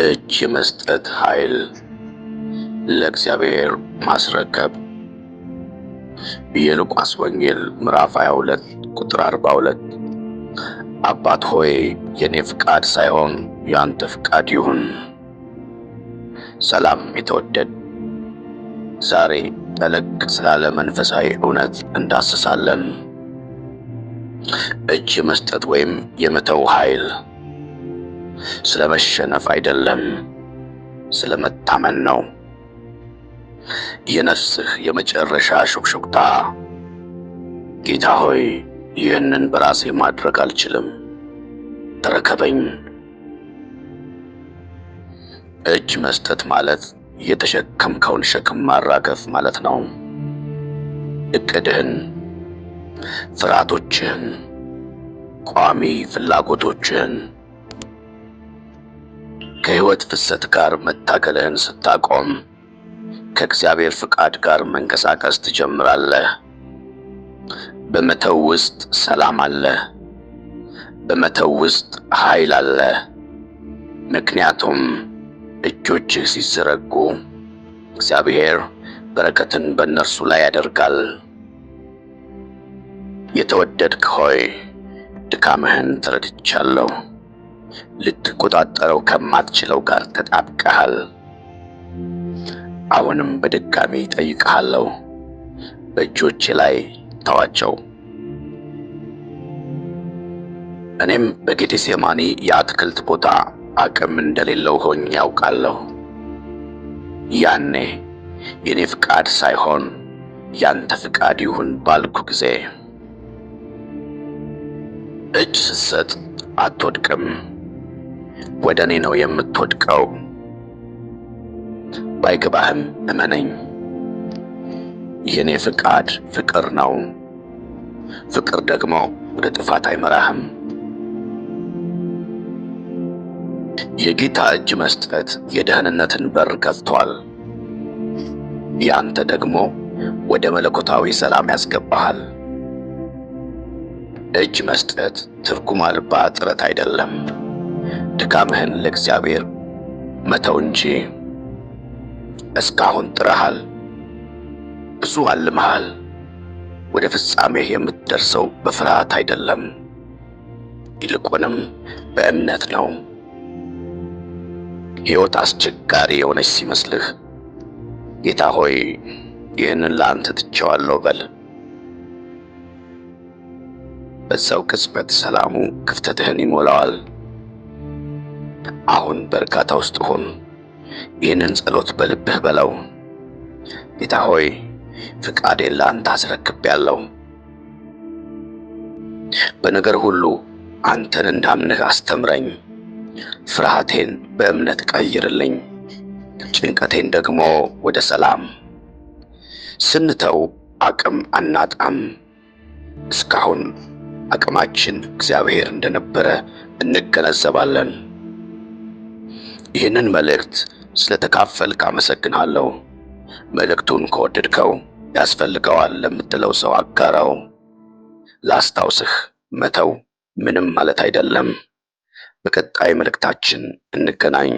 እጅ የመስጠት ኃይል ለእግዚአብሔር ማስረከብ የሉቃስ ወንጌል ምዕራፍ 22 ቁጥር 42 አባት ሆይ የኔ ፍቃድ ሳይሆን ያንተ ፍቃድ ይሁን። ሰላም የተወደድ ዛሬ ጠለቅ ስላለ መንፈሳዊ እውነት እንዳስሳለን። እጅ መስጠት ወይም የመተው ኃይል ስለ መሸነፍ አይደለም፣ ስለ መታመን ነው። የነፍስህ የመጨረሻ ሹክሹክታ ጌታ ሆይ ይህንን በራሴ ማድረግ አልችልም፣ ተረከበኝ። እጅ መስጠት ማለት የተሸከምከውን ሸክም ማራገፍ ማለት ነው። እቅድህን፣ ፍርሃቶችህን፣ ቋሚ ፍላጎቶችህን ከሕይወት ፍሰት ጋር መታገልህን ስታቆም ከእግዚአብሔር ፍቃድ ጋር መንቀሳቀስ ትጀምራለህ። በመተው ውስጥ ሰላም አለ። በመተው ውስጥ ኃይል አለ። ምክንያቱም እጆችህ ሲዘረጉ እግዚአብሔር በረከትን በእነርሱ ላይ ያደርጋል። የተወደድክ ሆይ ድካምህን ተረድቻለሁ። ልትቆጣጠረው ከማትችለው ጋር ተጣብቀሃል። አሁንም በድጋሚ ጠይቀሃለሁ፣ በእጆቼ ላይ ተዋቸው። እኔም በጌቴሴማኒ የአትክልት ቦታ አቅም እንደሌለው ሆኝ ያውቃለሁ። ያኔ የኔ ፍቃድ ሳይሆን ያንተ ፍቃድ ይሁን ባልኩ ጊዜ እጅ ስትሰጥ አትወድቅም። ወደ እኔ ነው የምትወድቀው። ባይገባህም እመነኝ፣ የእኔ ፍቃድ ፍቅር ነው። ፍቅር ደግሞ ወደ ጥፋት አይመራህም። የጌታ እጅ መስጠት የደህንነትን በር ከፍቷል። ያንተ ደግሞ ወደ መለኮታዊ ሰላም ያስገባሃል። እጅ መስጠት ትርጉም አልባ ጥረት አይደለም። ድካምህን ለእግዚአብሔር መተው እንጂ እስካሁን ጥረሃል፣ ብዙ አልመሃል። ወደ ፍጻሜህ የምትደርሰው በፍርሃት አይደለም፣ ይልቁንም በእምነት ነው። ሕይወት አስቸጋሪ የሆነች ሲመስልህ ጌታ ሆይ ይህንን ለአንተ ትቼዋለሁ በል። በዛው ቅጽበት ሰላሙ ክፍተትህን ይሞላዋል። አሁን በእርካታ ውስጥ ሁን። ይህንን ጸሎት በልብህ በለው። ጌታ ሆይ ፍቃዴን ለአንተ አስረክቤያለሁ። በነገር ሁሉ አንተን እንዳምንህ አስተምረኝ። ፍርሃቴን በእምነት ቀይርልኝ፣ ጭንቀቴን ደግሞ ወደ ሰላም። ስንተው አቅም አናጣም። እስካሁን አቅማችን እግዚአብሔር እንደነበረ እንገነዘባለን። ይህንን መልእክት ስለተካፈልክ አመሰግናለሁ። መልእክቱን ከወደድከው ያስፈልገዋል ለምትለው ሰው አጋራው። ላስታውስህ፣ መተው ምንም ማለት አይደለም። በቀጣይ መልእክታችን እንገናኝ።